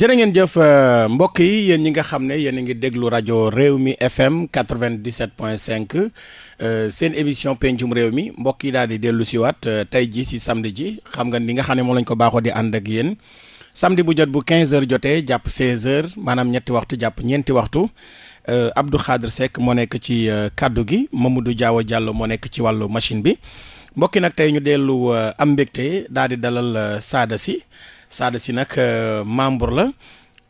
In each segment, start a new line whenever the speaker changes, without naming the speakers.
jërë ngeen jëf euh, mbokk yi yéen ñi nga xam ne yéen a ngi déglu rajo réew mi FM 97.5 euh, seen émission pencum réew mi mbokk yi daal di dellu siwaat waat euh, tey jii si samedi ji xam nga ni nga xam ne moom lañ ko baaxoo di ànd ak yéen samedi bu jot bu 15h jotee jàpp 16h maanaam ñetti waxtu jàpp ñeenti waxtu Abdou Khadre Seck moo nekk ci kaddu gi Mamadou Diaw jàll moo nekk ci wàllu machine bi mbokk yi nag tey ñu dellu am mbégte daal di dalal saada si Sada si nag euh, membre la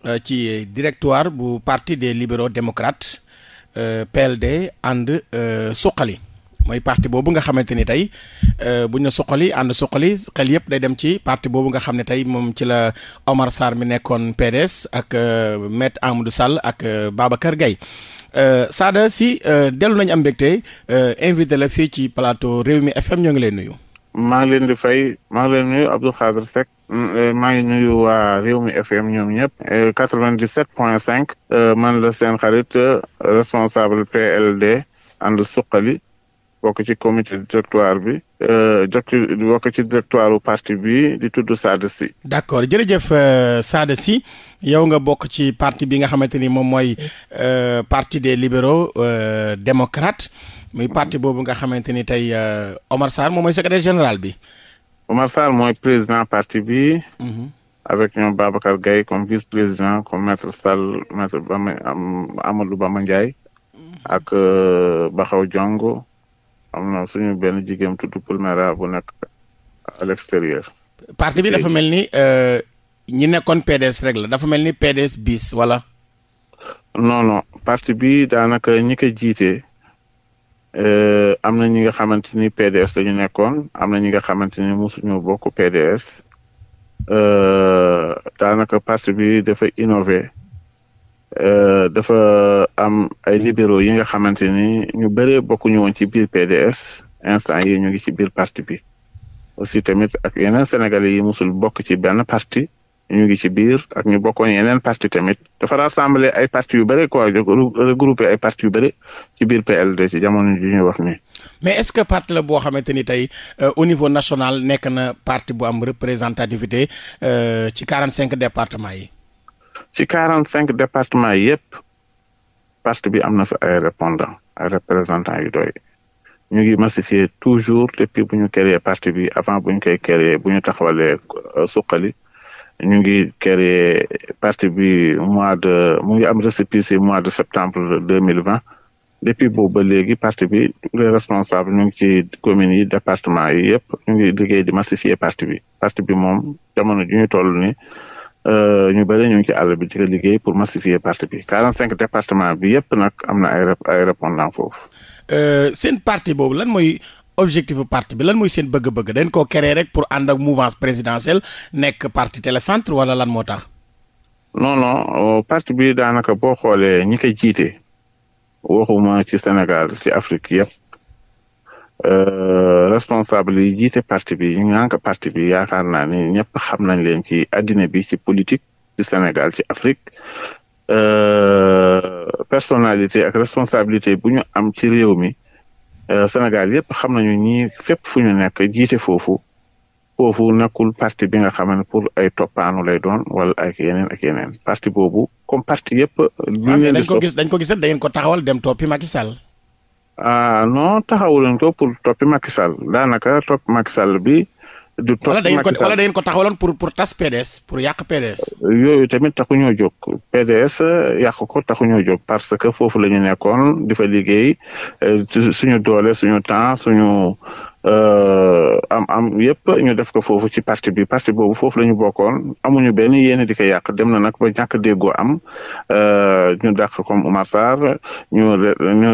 euh, ci directoire bu parti des libéraux démocrates euh, PLD ànd suqali mooy parti boobu nga xamante ni tey bu ñu suqali ànd suqali xel yëpp day dem ci parti boobu nga xam ne tey moom ci la Omar Sarr mi nekkoon PDS ak maître Amadou Sall ak Babacar Gaye Sada Sy dellu nañu am mbégte invité la fii ci réew mi FM ñoo ngi lay nuyu.
maa ngi leen di fay maa leen di nuyu Abdou Khadre mm, eh, maa ngi nuyu waa réew mi FM ñoom ñëpp eh, quatre vingt dix sept cinq eh, man la seen xarit responsable PLD ànd suqali bokk ci comité directoire bi jokk bokk ci directoire bu parti bi di tudd Sada si
d' accord jërëjëf Sada si yow nga bokk ci parti bi nga xamante ni moom mooy parti des libéraux démocrates. muy parti boobu nga xamante ni tey euh, Omar Sarr moom mooy secrétaire général
bi. Omar Sarr mooy président parti bi. Mhm. avec ñoom Babacar Gaye comme vice président comme maître Sall maître Bama Amadou Bama Ndiaye. Mhm. ak euh, Bakhaw Diongo am suñu benn jigéem tudd Pulmera bu nekk à l'extérieur.
parti bi dafa mel ni euh, ñi nekkoon PDS rek dafa mel ni PDS bis wala.
non non parti bi daanaka ñi ko jiite. Euh, am na ñi nga xamante ni PDS la ñu nekkoon am na ñi nga xamante ni mosuñu bokk PDS euh, daanaka parti bi dafa innové euh, dafa am ay libéraux yi nga xamante ni ñu bëree bokkuñu woon ci biir PDS instant yi ñu ngi ci biir parti bi aussi tamit ak yeneen Sénégalais yi mosul bokk ci benn parti ñu ngi ci biir ak ñu bokkoon yeneen parti tamit dafa rassembler ay parti yu bëri quoi regroupé ay parti yu bëri ci biir PLD ci jamono ji ñuy wax nii.
mais est-ce que parti la boo xamante ni tey euh, au niveau national nekk na parti bu am représentativité euh, ci quarante cinq départements yi.
ci quarante cinq départements yi yëpp parti bi am na fi ay répondants ay représentants yu doy. ñu ngi massifier toujours depuis bu ñu créé parti bi avant bu ñu koy créé bu ñu taxawalee euh, suqali ñu ngi créé parti bi mois de mu ngi am récépissé mois de septembre deux mille vingt depuis boobu ba léegi parti bi les responsables ñu ngi ci communes yi département yi yëpp ñu ngi liggéey di massifier parti bi parti bi moom jamono ju ñu toll ni euh, ñu bëri ñu ngi ci àll bi di ko liggéey pour massifier parti bi cinq département bi yëpp nag am na ay ay répondant
euh, seen parti boobu lan mooy objectifu parti bi lan mooy seen bëgg-bëgg dañ ko créer rek pour ànd ak mouvance présidentielle nekk parti tele centre wala lan moo tax.
non non euh, parti bi daanaka boo xoolee ñi koy jiite waxuma ci Sénégal ci Afrique yëpp euh, responsable yi jiite parti bi ñu parti bi yaakaar naa ni ñëpp xam nañ leen ci àddina bi ci politique ci Sénégal ci Afrique euh, personnalité ak responsabilité bu ñu am ci réew mi. Euh, Sénégal yëpp xam nañu ñi fépp fu ñu nekk jiite foofu foofu nekkul parti bi nga xama ne pour ay toppaanu lay doon wala ay yeneen ak yeneen parti boobu comme parti yëpp. Ah, ñu dañ ko gis
dañ ko ko taxawal dem toppi Macky Sall.
ah non taxawuloon ko pour toppi Macky Sall daanaka toppi Macky Sall bi. du toog wala da ngeen
ko taxawaloon pour pour tas PDS pour yàq PDS.
yooyu tamit taxuñoo jóg PDS euh, yàq ko taxuñoo jóg parce que foofu la ñu nekkoon di liggéey liggéey euh, suñu doole suñu temps suñu. Euh, am am yëpp ñu def ko foofu ci parti bi parti boobu foofu la ñu bokkoon amuñu benn yéen di ko yàq dem na nag ba ñàkk déggoo am ñu dàq kom Oumar ñu ñu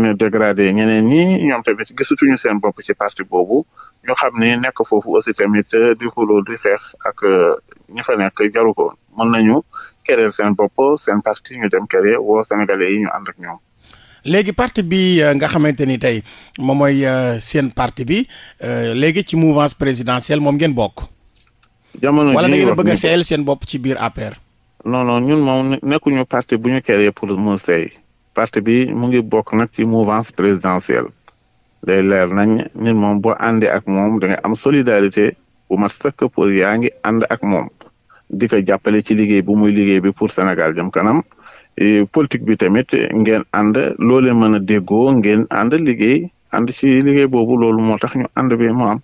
ñu dégradé ñeneen ñi ñoom tamit gisatuñu seen bopp ci parti boobu ñu xam ni nekk foofu aussi tamit euh, di xuloo di xeex ak euh, ñi fa nekk jaru ko mën nañu kereel seen bopp seen parti ñu dem keree woo sénégalais yi ñu ànd ak ñoom.
léegi parti bi euh, nga xamante ni tey moom mooy seen parti bi léegi ci mouvance présidentielle moom ngeen bokk. jamono wala da ngeen bëgg a seel seen bopp ci biir APR.
non non ñun moom nekkuñu parti bu ñu créé pour mu seey parti bi mu ngi bokk nag ci mouvance présidentielle. day leer nañ nit moom boo àndee ak moom da am solidarité bu mat sëkk pour yaa ngi ànd ak moom di ko jàppale ci liggéey bu muy liggéey bi pour Sénégal jëm kanam politique bi tamit ngeen ànd loolee mën a déggoo ngeen ànd liggéey ànd ci liggéey boobu loolu moo tax ñu ànd bi moo am.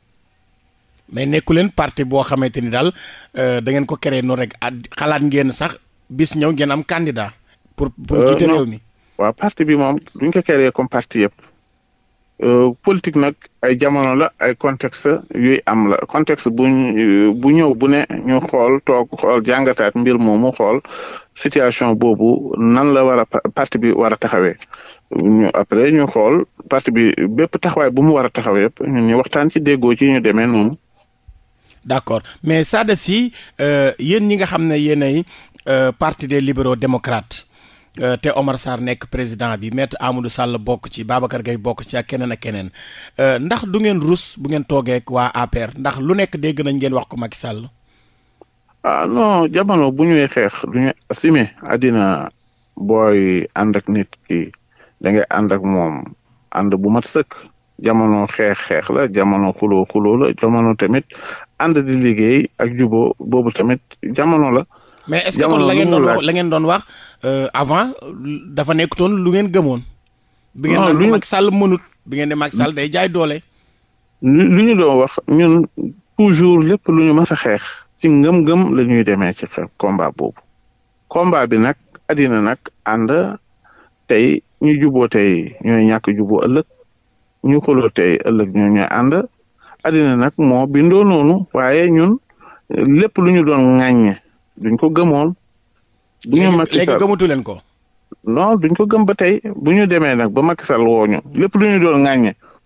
mais nekku leen parti boo xamante ni daal euh, da ngeen ko créé noonu rek ah, xalaat ngeen sax bis ñëw ngeen am candidat. pour pour euh, jiite réew
mi. waaw parti bi moom duñ ko créé comme parti yëpp. Euh, politique nag ay jamono la ay contexte yuy am la contexte bu euh, bu ñëw bu ne ñu xool toog xool jàngataat mbir moomu xool situation boobu nan la war a parti bi war a taxawee ñu après ñu xool parti bi bépp taxawaay bu mu war a taxaw yëpp ñun ñu waxtaan ci déggoo ci ñu demee noonu.
d'accord mais Sada Sy euh, yéen ñi nga xam ne yéenay parti des libéro démocrates. Euh, te Omar Sarr nekk président bi maître amul sàll bokk ci Babacar Gueye bokk ci ak keneen ak keneen euh, ndax du ngeen rus bu ngeen toogeek waa APR ndax lu nekk dégg nañ ngeen wax ko Macky Sall.
ah non jamono bu ñuy xeex du ñu assumer àddina booy ànd ak nit ki da ànd ak moom ànd bu mat sëkk jamono xeex xeex la jamono xuloo xuloo la jamono tamit ànd di liggéey ak juboo boobu tamit jamono la. mais est-ce la ngeen doon wax la
ngeen doon wax euh, avant dafa nekkutoon lu ngeen gëmoon. bi ngeen dem Macky mënut bi ngeen dem Macky day jaay doole. lu ñu doon wax ñun
toujours lépp lu ñu mës a xeex. ci ngëm-ngëm la ñuy demee ci xeex combat boobu. combat bi nag àddina nag ànd tey ñu juboo tey ñooy ñàkk juboo ëllëg ñu xuloo tey ëllëg ñoo ñooy ànd addina nag moo bindoo noonu waaye ñun lépp lu ñu doon ŋàññe duñ ko gëmoon. bu ñu Macky Sall léegi leen ko. non duñ ko gëm ba tey bu ñu demee nag ba Macky Sall woo ñu lépp lu ñu doon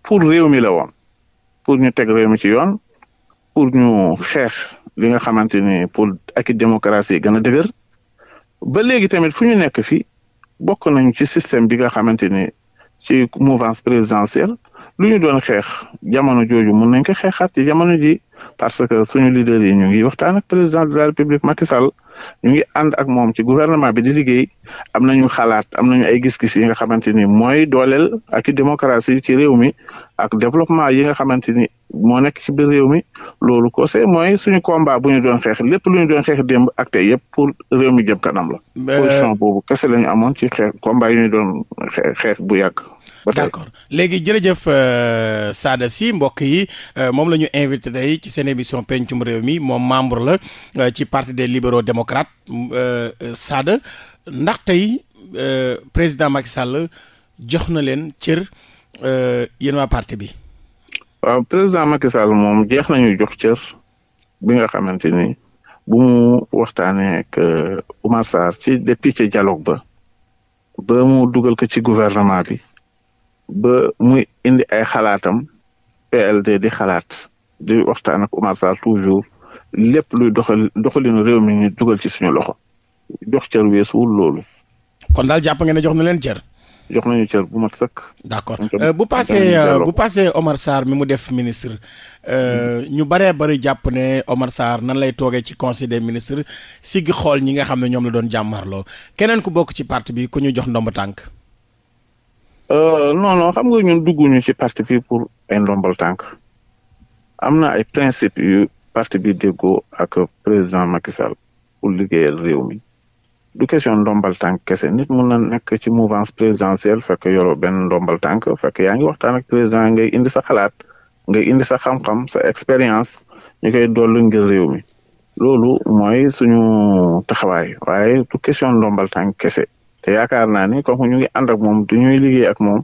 pour réew mi la woon pour ñu teg réew mi ci yoon pour ñu xeex li nga xamante ni pour ak démocratie gën a dëgër ba léegi tamit fu ñu nekk fii bokk nañu ci système bi nga xamante ni ci mouvance présidentielle lu ñu doon xeex jamono jooju mun nañ ko xeexaat ci jamono ji parce que suñu leader yi ñu ngi waxtaan ak président de la république Macky Sall ñu ngi ànd ak moom ci gouvernement bi di liggéey am nañu xalaat am nañu ay gis-gis yi nga xamante ni mooy dooleel ak i démocratie ci réew mi ak développement yi nga xamante ni moo nekk ci biir réew mi loolu ko c'est mooy suñu combat bu ñu doon xeex lépp luñu doon xeex démb ak tey yëpp pour réew mi jëm kanam la. position kese la ñu amoon ci xeex combat doon xeex bu yàgg.
d'accord léegi jërëjëf euh, saada si mbokk yi euh, moom la ñu invité tey ci seen émission pencum réew mi moom membre la euh, ci parti des libéraux démocrates Sada ndax tey président Macky Sall jox na leen cër. Euh, yéen waa parti bi.
waaw président Macky Sall moom jeex nañu jox cër bi nga xamante ni bu waxtaanee ak euh, Oumar Sarr ci depuis ci dialogue ba ba mu dugal ko ci gouvernement bi ba mu indi ay xalaatam PLD di xalaat di waxtaan ak Oumar toujours lépp luy doxal doxalinu réew mi dugal ci suñu loxo jox cër weesuwul loolu. kon daal jàpp ngeen ne jox na leen cër. jox nañu cër bu mat sëkk.
d'accord euh, bu paasee euh, bu paasee Omar Sarr mi mu def ministre euh, ñu baree bari jàpp ne Omar Sarr nan lay toogee ci conseil des ministres siggi xool ñi nga xam ne ñoom la doon jàmmarloo keneen ku bokk ci parti bi ku ñu jox ndomba tànk.
non non xam nga ñun dugguñu ci parti bi pour ay ndombal tànk am na ay principe yu parti bi déggoo ak président Macky pour liggéeyal réew mi. du question ndombal tànk kese nit mun na nekk ci mouvance présidentielle fekk yoroo benn ndombal tànk fekk yaa ngi waxtaan ak président ngay indi sa xalaat ngay indi sa xam-xam sa expérience ñu koy dollu ngir réew mi loolu mooy suñu taxawaay waaye du question ndombal tànk kese te yaakaar naa ni comme ñu ngi ànd ak moom du ñuy liggéey ak moom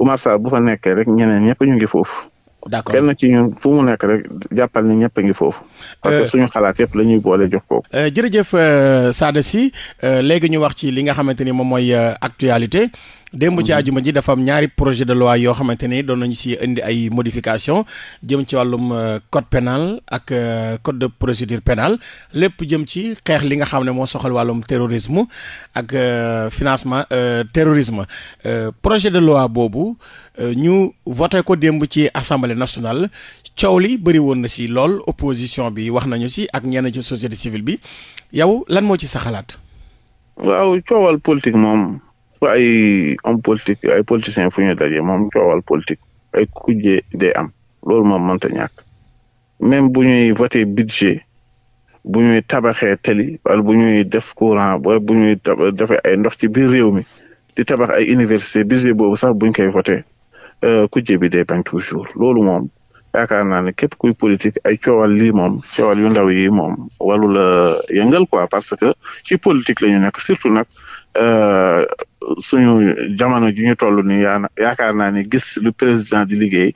Oumar Sarr bu fa nekkee rek ñeneen ñëpp ñu ngi foofu. d'accord kenn ci ñun fu mu nekk rek jàppal ni ñëpp a ngi foofu. parce que euh, suñu xalaat yëpp lañuy ñuy boole jox kooku.
Euh, jërëjëf euh, saada si léegi ñu wax ci li nga xamante ni moom mooy actualité. démb ci àjuma ji dafa am ñaari projet de loi yoo xamante ni doon nañu si indi ay modification jëm ci wàllum euh, code pénal ak euh, code de procédure pénale lépp jëm ci xeex li nga xam ne moo soxal wàllum terrorisme ak euh, financement terrorisme projet de loi boobu ñu voté ko démb ci assemblée national coow li bëri woon na si lool opposition bi wax nañu si ak ñenn ci société civile bi yow lan moo ci sa xalaat.
waaw coowal politique moom. ay homme politique ay politiciens fu ñu dajee moom coowal politique ay kujje day am loolu moom mënta ñàkk même bu ñuy voté budget bu ñuy tabaxee tali wala bu ñuy def courant wala bu ñuy defee ay ndox ci biir réew mi di tabax ay université budget boobu sax buñ koy voté euh, kujje bi day bañ toujours loolu moom yaakaar naa ne képp kuy politique ay coowal lii moom coowal yu ndaw yi moom walu la yëngal quoi parce que ci politique lañu ñu nekk surtout nag Euh, suñu jamono ji ñu toll ni yaa yaakaar naa ni gis lu président di liggéey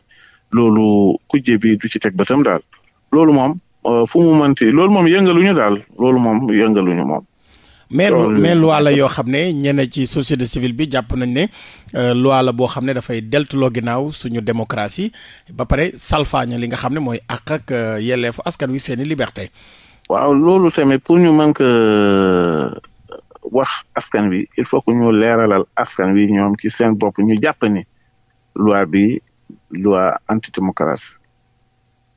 loolu kujje bi du ci teg bëtam daal loolu moom euh, fu mu mënti loolu moom yëngaluñu daal loolu moom yëngaluñu moom.
mais mais loi la yoo xam ne ñenn ci société civile bi jàpp nañ ne euh, loi la boo xam ne dafay deltuloo ginnaaw suñu démocratie ba pare salfaaña li nga xam ne mooy àq ak yelleefu askan wi seeni liberté.
waaw loolu tamit pour ñu mën ko wax askan wi il faut que ñu leeralal askan wi ñoom ci seen bopp ñu jàpp ni loi bi loi antidémocratie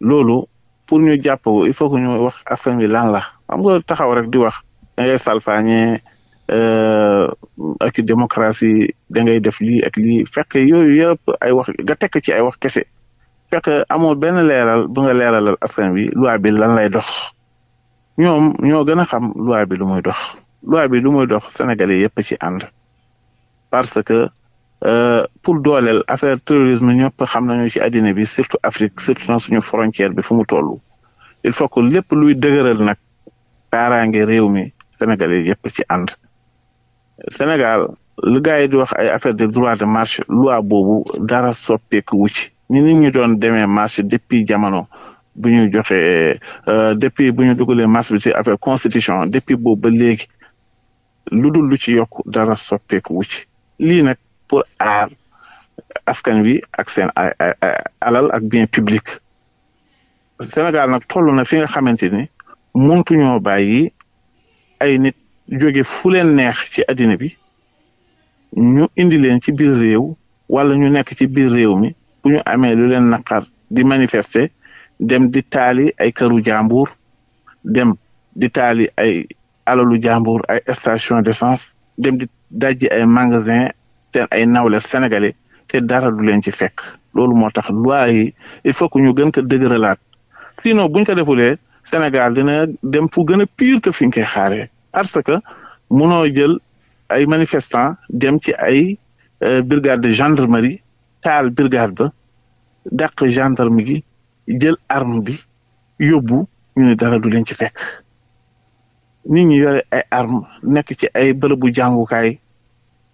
loolu pour ñu jàpp il faut que ñu wax askan wi lan la xam nga taxaw rek di wax da ngay salfaañee euh, ak démocratie da ngay def li ak lii fekk yooyu yëpp ay wax nga tekk ci ay wax kese fekk amul benn leeral bu nga leeralal askan wi loi bi lan lay dox ñoom ñoo gën a xam loi bi lu muy dox loi bi lu muy dox Sénégalais yëpp ci ànd parce que euh, pour dooleel affaire terrorisme ñëpp xam nañu ci àddina bi surtout Afrique surtout na suñu frontière bi fu mu toll il faut que lépp luy dëgëral nag kaaraange réew mi Sénégalais yëpp ci ànd Sénégal lu gars yi di wax ay affaire de droit de marche loi boobu dara soppeeku wu ci ni nit ñi doon demee marche depuis jamono bu ñu joxee euh, depuis bu ñu dugalee marche bi ci affaire constitution depuis boobu ba léegi lu dul lu ci yokk dara soppeeku wu ci lii nag pour aar askan wi ak seen alal ak bien public Sénégal nag toll na fi nga xamante ni mëntuñoo bàyyi ay nit jóge fu leen neex ci àddina bi ñu indi leen ci biir réew wala ñu nekk ci biir réew mi bu ñu amee lu leen naqar di manifester dem di taali ay këru jàmbur dem di taali ay alalu jàmbur ay station d'essence dem di dajji ay magasin seen ay nawle sénégalais te dara du leen ci fek loolu moo tax loi il faut que ñu gën ko dëgëralaat sinon buñ ko defulee Sénégal dina dem fu gën a pire que fi ñu koy xaaree parce que munoo jël ay manifestant dem ci ay euh, brigade de gendarmerie taal brigade ba dàq gendarme gi jël arme bi yóbbu ñu ne dara du leen ci fekk. nit ñi yore ay arm nekk ci ay bërëbu jàngukaay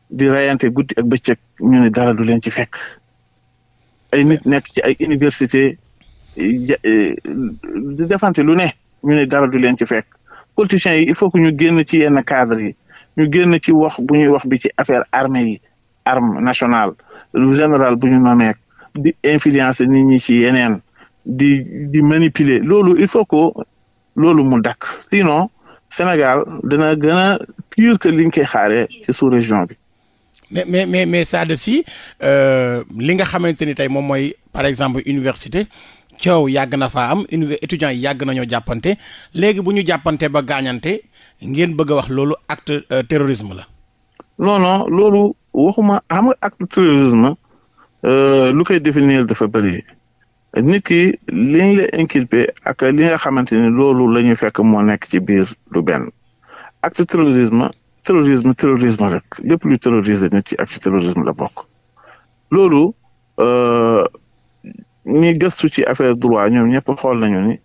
di rayante guddi ak bëccëg ñu ne dara du leen ci fekk ay nit nekk ci ay université eh, di defante lu ne ñu dara du leen ci fekk politiciens yi il faut que ñu génn ci yenn cadre yi ñu génn ci wax bu ñuy wax bi ci affaire armée yi arme nationale lu général bu ñu nomee di influencer nit ñi ci yeneen di di manipuler loolu il faut que loolu mu dakk sinon Sénégal dana gën a pire que liñ koy xaaree ci sous région bi.
mais mais mais mais si Sy euh, li nga xamante ni tey moom mooy par exemple université coow yàgg na faa am étudiants yi yàgg nañoo jàppante léegi bu ñu jàppante ba gaañante ngeen bëgg a wax loolu acte euh, terrorisme la.
non loolu waxuma am nga acte terrorisme euh, lu koy définir dafa bëri. nit ki li la inculpé ak li nga xamante ni loolu la ñuy fekk moo nekk ci biir du benn acte terrorisme terrorisme terrorisme rek lépp luy terroriser nit ci acte terrorisme la bokk loolu euh, ñi gëstu ci affaire droit ñoom ñëpp xool nañu ni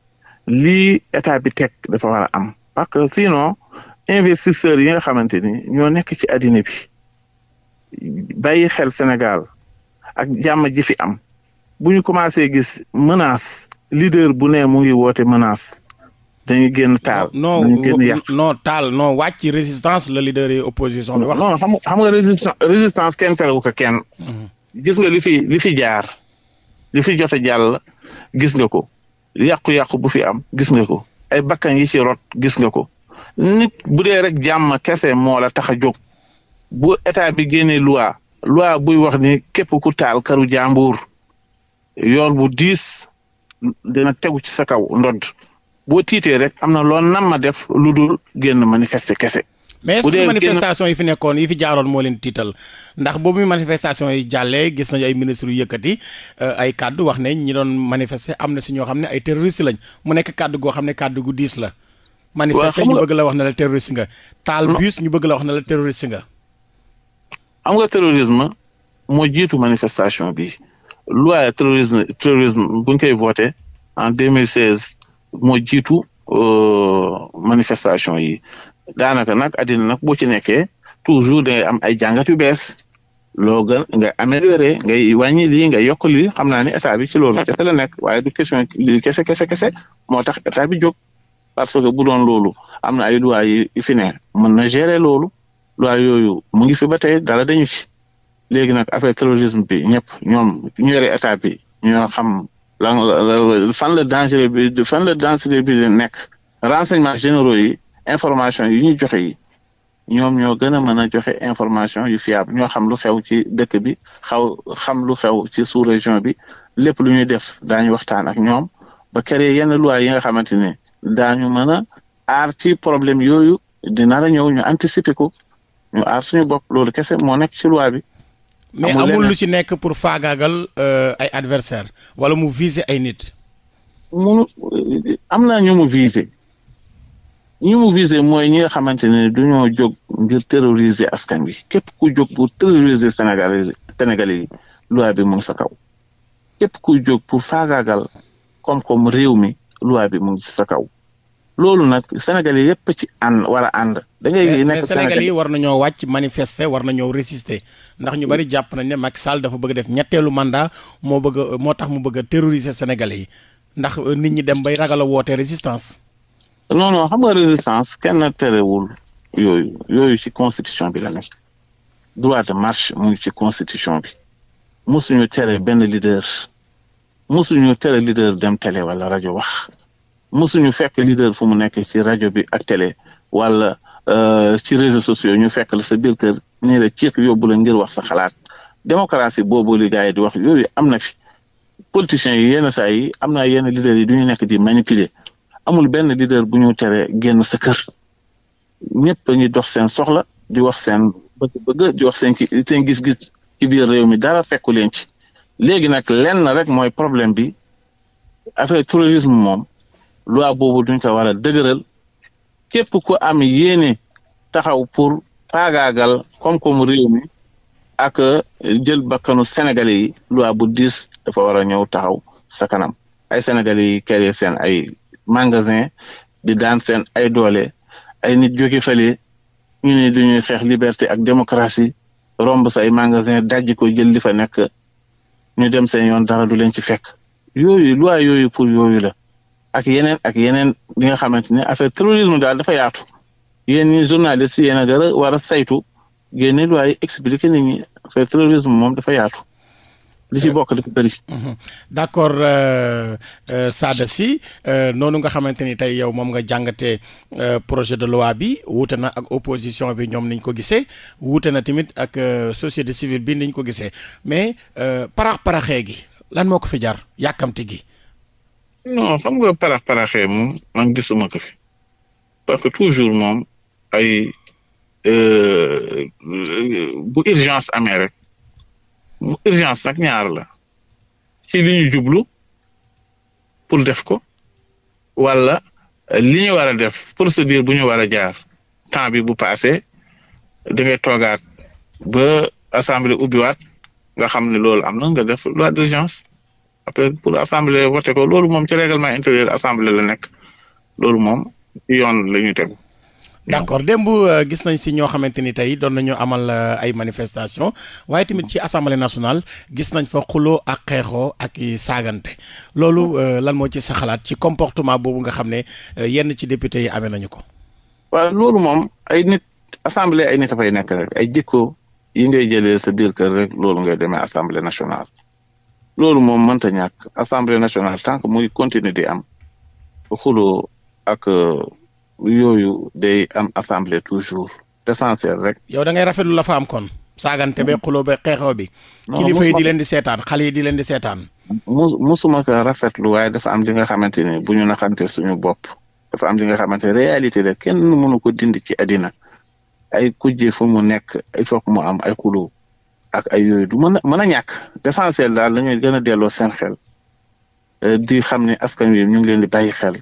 lii état bi teg dafa war a am parce que sinon investisseurs yi nga xamante ni ñoo nekk ci àddina bi bàyyi xel Sénégal ak jàmm ji fi am bu ñu commencé gis menace leader bu ne mu ngi woote menace da génn taal.
dañuy génn yàq non taal non résistance la leader yi opposition bi wax. non nga résistance résistance kenn terewu ko kenn. Mhm.
gis nga li fi li fi jaar li fi jote jàll gis nga ko yàqu-yàqu bu fi am gis nga ko ay bakkan yi ci gis nga ko nit bu dee rek jàmm kese moo la tax a jóg bu état bi génnee loi loi buy wax ni képp ku taal këru jàmbur. yoon bu diis dina tegu ci sa kaw ndodd boo tiitee rek am na loo nam ma def lu dul génn manifeste kese. mais est-ce que manifestation
yi fi nekkoon yi fi jaaroon moo leen tiital ndax boobu manifestation yi jàllee gis nañu ay ministres yu yëkkati euh, ay kàddu wax ne ñi doon manifester am na si ñoo xam ne ay terroristes lañ mu nekk kàdd goo xam ne kàdd gu diis la. manifester ñu bëgg la wax na la terroriste nga. taal bus ñu bëgg la wax na la terroriste nga.
am nga terrorisme moo jiitu manifestation bi. loi terrorisme terrorisme bu ñu koy voté en deux mille seize moo jiitu euh, manifestation yi daanaka nag addina nag boo ci nekkee toujours dangay am ay jàngat yu bees loo gën nga amélioré ngay wàññi lii nga yokk lii xam naa ne état bi ci loolu kese la nekk waaye du question lii kese kese kese moo tax état bi jóg parce que bu doon loolu am na ay loi yi fi ne mën na gérer loolu loi yooyu mu ngi fi ba tey dara dañu ci léegi nag affaire terrorisme bi ñëpp ñoom ñu yore état bi ñoo xam la fan la danger bi fan la danger bi nekk renseignements généraux yi information yi ñuy joxe yi ñoom ñoo gën a mën a joxe information yu fiable ñoo xam lu xew ci dëkk bi xaw xam lu xew ci sous région bi lépp lu ñuy def daañu waxtaan ak ñoom ba créer yenn loi yi nga xamante ne daañu mën a aar ci problème yooyu dina la ñëw ñu anticiper ko ñu aar suñu bopp loolu kese moo nekk ci loi bi.
mais amul lu ci nekk pour faagaagal euh, ay adversaire wala mu viser ay nit. mu
am na ñu mu viser ñu mu viser mooy ñi nga xamante ne duñoo jóg ngir terroriser askan bi képp ku jóg pour terroriser Sénégalais Sénégalais yi loi bi mu sa kaw képp ku jóg pour faagaagal koom-koom réew mi loi bi mu ngi sa kaw. loolu nag sénégal yëpp ci ànd war ànd. da ngay sénégal yi
war nañoo wàcc manifester war nañoo résister ndax ñu bari jàpp nañ ne Macky Sall dafa bëgg def ñetteelu mandat moo bëgg moo tax mu bëgg a terroriser yi ndax euh, nit ñi dem bay ragal a woote résistance.
non non xam nga résistance kenn terewul yooyu yooyu ci constitution bi la nekk droit de marche mu ngi ci constitution bi mosuñu tere benn leader mosuñu tere leader dem télé wala rajo wax. ñu fekk leader fu mu nekk ci rajo bi ak télé wala euh, ci réseaux sociaux ñu fekk la sa biir kër nii la ciik yóbbu la ngir wax sa xalaat démocratie boobu li yi di wax yooyu am na fi politiciens yi yenn saa yi am naa yenn leader yi du ñu nekk di manipuler amul benn leader bu ñu tere génn sa kër ñëpp a ngi dox seen soxla di wax seen bëgg-bëgg di wax seen seen gis-gis ci biir réew mi dara fekku leen ci léegi nag lenn rek mooy problème bi affaire tourisme moom. loi boobu duñ ko war a dëgëral képp ku am yéene taxaw pour paagaagal koom-koomu réew ak euh, jël bakkanu Sénégalais yi loi bu dis dafa war a ñëw taxaw sa kanam ay Sénégalais yi créé seen ay magasin di daan seen ay doole ay nit jóge fale ñu ne dañuy xeex liberté ak démocratie romb sa ay magasin dajji ko jël li fa nekk ñu dem seen yoon dara du leen ci fekk yooyu loi yooyu pour yooyu la ak yeneen ak yeneen li nga xamante ne affaire terrorisme daal dafa yaatu yéen ñi journaliste yéen a dara war a saytu génne waaye expliqué nit moom dafa yaatu. li ci bokk dafa bëri.
Mhm. d' accord euh, euh, Sada euh, noonu nga xamante ni tey yow moom nga jàngate euh, projet de loi bi wuute na ak opposition bi ñoom niñ ko gisee wuute na tamit ak euh, société civile bi niñ ko gisee mais parax paraxee gi lan moo ko fi jar yàkkamti gi. non xam nga parax
paraxe moom man gisuma ko fi parce que toujours moom ay euh, bu urgence amee rek bu urgence nag ñaar la ci li ñu jublu pour def ko wala li ñu war a def procédure bu ñu war a jaar temps bi bu passé da ngay toogaat ba assemblée ubbiwaat nga xam ne loolu am na nga def loi d'urgence après pour assemblée voté ko loolu moom ci règlement intérieur assemblée la nekk loolu moom yoon la ñuy tegu.
d' accord démb euh, gis nañ si ñoo xamante ni tey doon nañu amal euh, ay manifestation waaye tamit ci assemblée national gis nañ fa xuloo ak xeexoo ak saagante loolu euh, lan moo ci sa xalaat ci comportement boobu nga xam ne yenn ci député yi amee nañu ko.
waaw loolu moom ay nit assemblée ay nit a fay nekk rek ay jikko yi ngay jëlee sa biir kër rek loolu ngay demee assemblée nationale. loolu moom mënta ñàkk assemblée nationale tant muy continuer di am xulo ak euh, yooyu day am assemblée toujours l'essentiel rek.
yow da ngay rafetlu la fa am kon. saagante be xuloo be xeexoo bi. kilifa yi di leen di seetaan xale yi di leen di seetaan.
mu musuma ko rafetlu waaye dafa am li nga xamante ni bu ñu naxante suñu bopp dafa am li nga xamante ne réalité la kenn mënu ko dindi ci addina ay kujje fu mu nekk il faut mu am ay xuloo ak ay yooyu du mën a mën a ñàkk l'essentiel daal la ñuy gën a delloo seen xel euh, di xam ne askan wi ñu ngi leen di bàyyi xel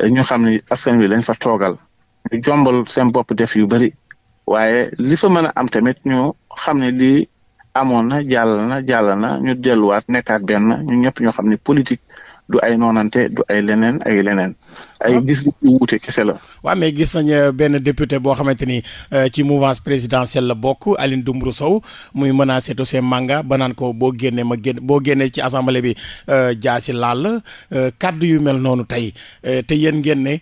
euh, ñu xam ne askan wi lañ fa toogal ñu jombal seen bopp def yu bëri waaye li fa mën a am tamit ñu xam ne lii amoon na jàll na jàll na ñu delluwaat nekkaat benn ñu xam ne politique du ay noonante du ay leneen ay leneen. ay ah. gis yu wuute kese la.
waaw mais gis nañ euh, benn député boo xamante ni euh, ci mouvance présidentielle la bokk Aline Dumbru Sow muy menacé Toussaint Manga ba naan ko boo génnee ma génn boo génnee ci assemblée bi euh, jaasi laal kàddu yu mel noonu tey te yéen ngeen ne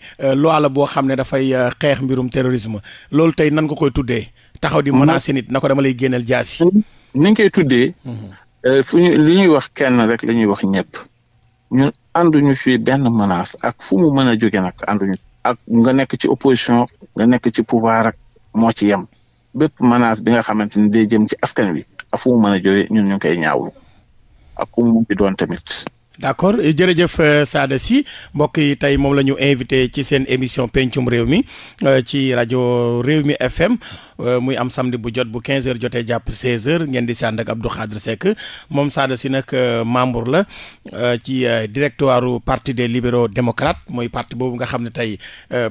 loi boo xam ne dafay xeex mbirum terrorisme loolu tey nan ko koy tuddee. taxaw di mm-hmm. menacé nit na ko dama lay génneel jaasi. ni ñu koy tuddee. Mm-hmm. fu ñu li ñuy wax kenn rek la wax ñëpp. ñun ànduñu fi benn menace
ak fu mu mën a jóge nag ànduñu ak nga nekk ci opposition nga nekk ci pouvoir ak moo ci yem bépp menace bi nga xamante ni day jëm ci askan wi ak fu mu mën a jóge ñun ñu ngi koy ñaawlu ak ku mu doon tamit.
d'accord jërëjëf saada si mbokk yi tey moom la ñu invité ci seen émission pencum réew mi ci rajo Réew mi FM. Euh, muy am samedi bu jot bu 15 heures jotee jàpp 16 heures ngeen di si ànd ak Abdou moom Sada si nag euh, membre la euh, ci directoire parti des libéro démocrates mooy parti boobu nga xam ne tey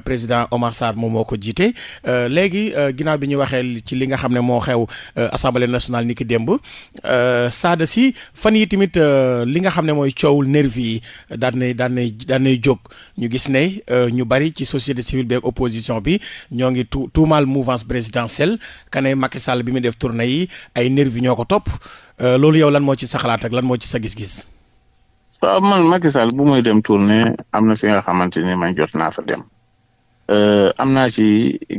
président Omar Sarr moom moo ko jiite léegi ginnaaw bi ñu waxee ci li nga xam ne moo xew assemblée national ni ki démb saada si fan yi tamit li nga xam ne mooy coowul nervi yi daan nay daan nay daan nay jóg ñu gis ne ñu bari ci société civile bi ak opposition bi ñoo ngi tu tuumaal mouvance présidentielle Sall ka ne Macky Sall bi mu def tournée yi ay nervi ñoo ko topp euh, loolu yow lan moo ci sa xalaat ak lan moo ci sa gis-gis.
man Macky Sall bu muy dem tournée am na fi nga xamante ni man jot naa fa dem euh, am naa ci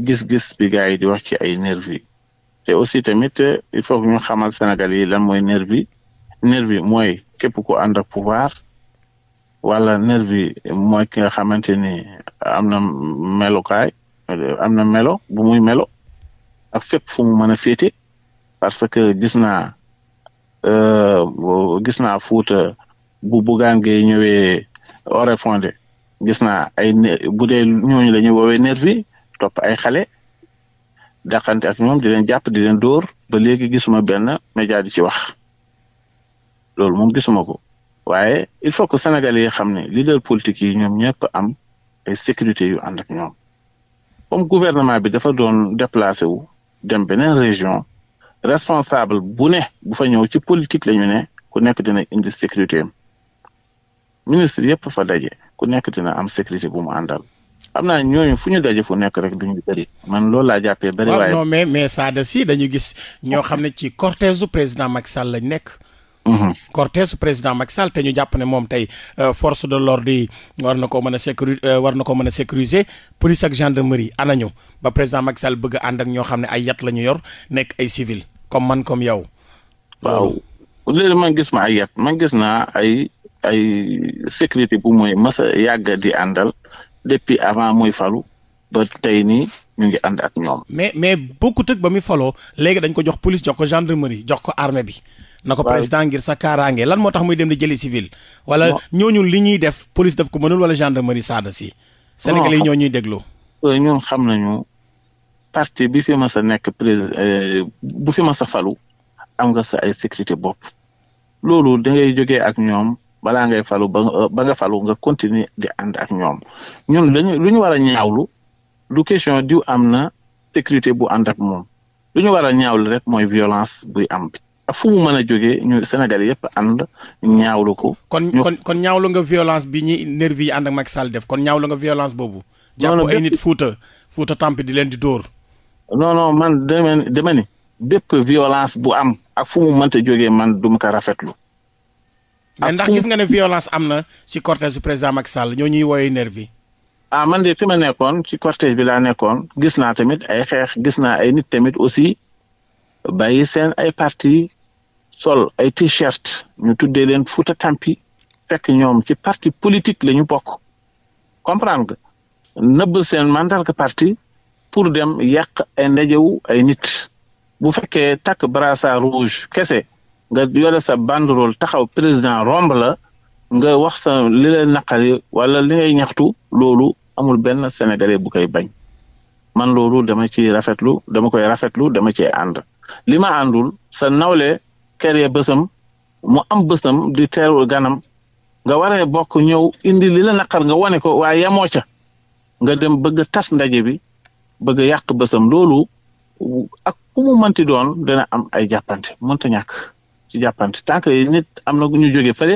gis-gis bi gars yi di wax ci ay nervi te aussi tamit il faut que ñu xamal Sénégal yi lan mooy nervi nervi mooy képp ku ànd ak pouvoir. wala nervi mooy ki nga xamante ni am na melukaay am na melo bu muy melo ak fépp fu mu mën a féete parce que gis naa euh, gis naa Fuuta bu Bougane Gueye ñëwee Oréfondé gis naa ay bu dee ñooñu la ñuy woowee nervi topp ay xale dàqante ak ñoom di leen jàpp di leen dóor ba léegi gisuma benn média di ci wax loolu moom gisuma ko waaye il faut que sénégal yi xam ne leader politique yi ñoom ñëpp am ay sécurité yu ànd ak ñoom comme gouvernement bi dafa doon déplacé wu dem beneen région responsable bu ne bu fa ñëw ci politique lañu ne ku nekk dina indi sécurité am ministre yëpp fa daje ku nekk dina am sécurité bu mu àndal am naa ñooñu fu ñu daje fu nekk rek duñu bëri man loolu laa jàppee bëri waaye
mais mais Sada Sy dañu gis ñoo xam ne ci cortège président Macky Sall lañ nekk Mhm. cortège président Macky Sall te ñu jàpp ne moom tey euh, force de l'ordre yi war na ko mën a sécuri euh, war na ko mën a sécuriser police ak gendarmerie anañu ba président Macky Sall bëgg ànd ak ñoo xam ne ay yat la ñu yor nekk ay civil comme man comme yow. waaw
léegi man gis ma ay yat man gis naa ay ay sécurité bu mooy mas a di àndal depuis avant mooy falu ba tey nii. ñu ngi ànd ak ñoom.
mais mais bokku ak ba muy faloo léegi dañ ko jox police jox ko gendarmerie jox ko armée bi na ko président ngir sa kaaraange lan moo tax muy dem di jëli civil. wala ñooñu li ñuy def police daf ko mënul gendre gendarmerie saada si. Sénégalais yi ñoo
ñuy déglu. ñun xam nañu parti bi fi ma sa nekk président euh, bu fi ma sa falu am nga sa ay sécurité bopp. loolu da ngay jógee ak ñoom balaa ngay falu ba nga falu nga continuer di ànd ak ñoom ñun dañu lu ñu war a ñaawlu lu question diw am na sécurité bu ànd ak moom lu ñu war a ñaawlu rek mooy violence buy am bi fu mu mën a jógee ñu Sénégal yëpp ànd ñaawlu ko.
kon kon kon ñaawlu nga violence bi ñi nervi yi ànd ak Macky def kon ñaawlu nga violence boobu. jàpp ay nit Fuuta Fuuta tampi di leen di dóor.
non non man dama dama ni bépp violence bu am ak fu mu mënta jógee man duma ko rafetlu.
mais ndax gis nga ne violence am na ci cortège su président ñoo ñuy woowee nervi ah man ma nekkoon ci cortège bi laa nekkoon gis naa tamit ay xeex
gis naa ay nit tamit aussi bàyyi seen ay parti sol ay ti shirt ñu tuddee leen Fouta Tampi fekk ñoom ci parti politique la ñu bokk comprendre nga nëbb seen mandarga parti pour dem yàq ay ndajewu ay nit bu fekkee takk brassard rouge kese nga yore sa banderole taxaw président romb la nga wax sa li la wala li ngay ñaxtu loolu amul benn sénégalais bu koy bañ man loolu dama ci rafetlu dama koy rafetlu dama ci ànd li ma sa nawle kere bësam mu am bësam di teeru ganam nga waree bokk ñëw indi li la naqar nga wane ko waaye yemoo ca nga dem bëgg tas ndaje bi bëgg yàq bësam loolu ak ku mu mënti doon dana am ay jàppante mënta ñàkk ci jàppante tant que nit am na ñu jóge fële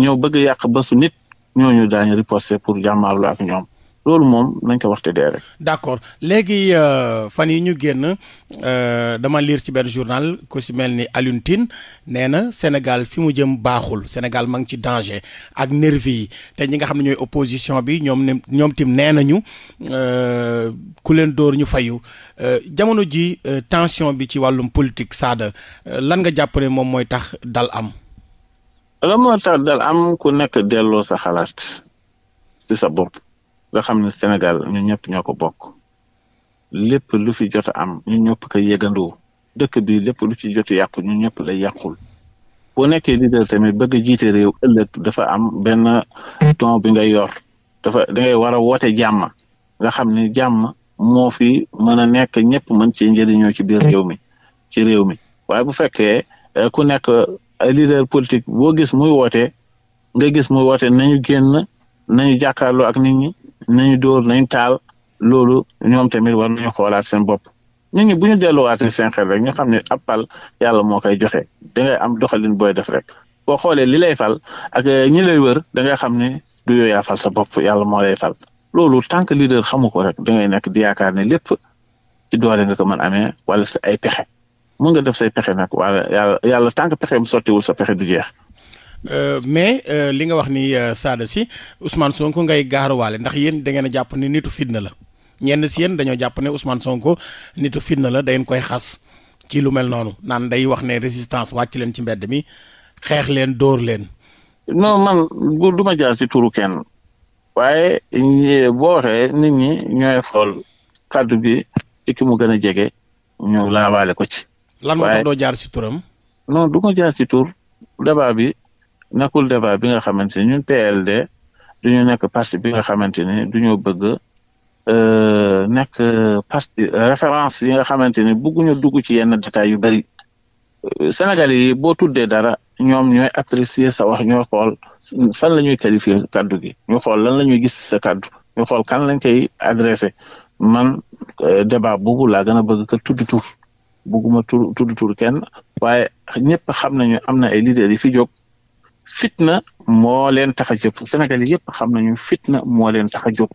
ñëw bëgg yàq bësu nit ñooñu daañu riposter pour jàmmaarlu ak ñoom loolu moom nañ ko wax te dee rek.
d' accord léegi euh, fan yi ñu génn euh, dama liir ci benn journal ku si mel ni Alioune Tine nee na Sénégal fi mu jëm baaxul Sénégal ma ngi ci danger ak nervi yi te ñi nga xam ne ñooy opposition bi ñoom ñoom tim nee nañu euh, ku leen dóor ñu fayu euh, jamono ji euh, tension bi ci wàllum politique saada euh, lan nga jàpp ne moom mooy tax dal am.
lan moo tax dal am ku nekk delloo sa xalaat ci sa bopp. nga xam ne Sénégal ñun ñëpp ñoo ko bokk lépp lu fi jot am ñu ñëpp ko yëgandoo dëkk bi lépp lu ci jot yàqu ñu ñëpp lay yàqul boo nekkee leader tamit bëgg jiite réew ëllëg dafa am benn ton bi nga yor dafa dangay war a woote jàmm nga xam ne jàmm moo fi mën a nekk ñëpp mën ci njëriñoo ci biir réew mi ci réew mi waaye bu fekkee eh, ku nekk eh, leader politique boo gis muy woote nga gis muy woote nañu génn nañu jàkkaarloo ak nit ñi nañu dóor nañ taal loolu ñoom tamit war nañu xoolaat seen bopp nit ñi bu ñu delluwaatee seen xel rek ñu xam ne ab pal yàlla moo koy joxe dangay am doxalin booy def rek boo xoolee li lay fal ak eh, ñi lay wër dangay xam ne du yow yaa fal sa bopp yàlla moo lay fal loolu tant que leader xamu ko rek dangay nekk di yaakaar ne lépp ci doole nga ko mën amee wala sa ay pexe mun nga def say pexe nag wala yàlla yàlla que pexe mu sottiwul sa pexe du jeex.
Euh, mais euh, li nga wax ni euh, Sada si Ousmane Sonko ngay gaaruwaale ndax yéen da ngeen a jàpp ni nitu fitna la ñenn si yéen dañoo jàpp ne Ousmane Sonko nitu fitna la dañ koy xas ci lu mel noonu naan day wax ne résistance wàcc leen ci mbedd mi xeex leen dóor leen.
no man du ma jaar si turu kenn. waaye boo waxee nit ñi ñooy xool kàddu bi ci mu gën a jege ñu laawaale ko ci. lan moo tax doo
jaar si turam. non du jaar si tur
débat bi nekkul débat bi nga xamante ni ñun PLD duñu nekk parti bi nga xamante du ñoo bëgg euh, nekk parti euh, référence yi nga xamante ni bëgguñu dugg ci yenn détails yu bëri euh, Sénégalais yi boo tuddee dara ñoom ñooy apprécier sa wax ñooy xool fan la ñuy qualifier kaddu gi ñu xool lan la ñuy gis sa kaddu ñu xool kan lañ koy adressé man débat boobu laa gën bëgg ka tudd tur bëgguma tur tudd tur kenn waaye ñëpp xam nañu am na ay leaders yi fi jóg fitna moo leen tax a jóg Sénégal yëpp xam nañu fitna moo leen tax a jóg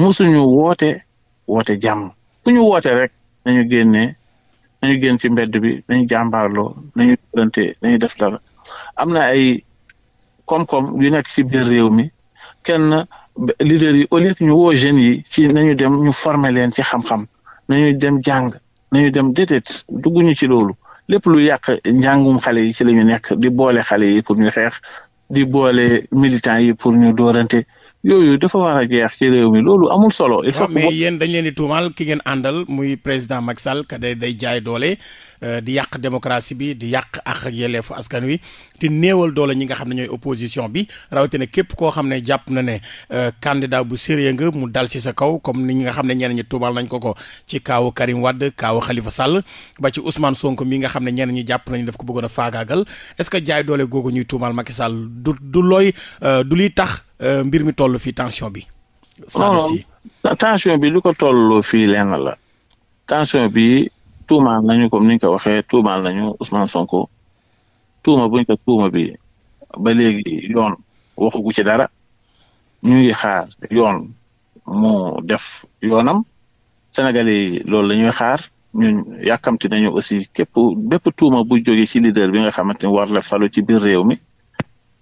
musuñu woote woote jàmm suñu woote rek nañu génnee nañu génn ci mbedd bi nañu jàmbaarloo nañu durante nañu def dara am na ay koom-koom yu nekk ci biir réew mi kenn leader yi au lieu ñu woo jeunes yi ci nañu dem ñu former leen ci xam-xam nañu dem jàng nañu dem déedéet dugguñu ci loolu lépp lu yàq njàngum xale yi ci la ñu nekk di boole xale yi pour ñu xeex di boole militants yi pour ñu doorante yooyu dafa war a jeex ci réew mi loolu amul solo. il faut mais yéen
dañ leen di ki ngeen àndal muy président Macky Sall ka day day jaay doole euh, di yàq démocratie bi di yàq ak yelleefu askan wi te néewal doole ñi nga xam ne ñooy opposition bi rawatina képp koo xam ne jàpp na ne euh, candidat bu sérieux nga mu dal si sa kaw comme ni nga xam ne ñeneen ñi tuumal nañ ko ko ci kaawu Karim Wade kaawu Khalifa Sall ba ci Ousmane sonk mi nga xam ne ñeneen ñi jàpp nañu daf ko bëggoon a faagaagal est-ce que jaay doole googu ñuy tuumal Macky Sall du du looy euh, du liy tax euh, mbir mi toll fii tension bi.
tension bi lu ko toll fii lenn la. tension bi tuumaal nañu comme ni nga ko waxee tuumaal nañu Ousmane Sonko. tuuma buñ ko tuuma bi ba léegi yoon waxugu ci dara ñu ngi xaar yoon mu def yoonam Sénégalais yi loolu la xaar ñun yàkkamti nañu aussi képp bépp tuuma bu jóge ci leader bi nga xamante ni war la falu ci biir réew mi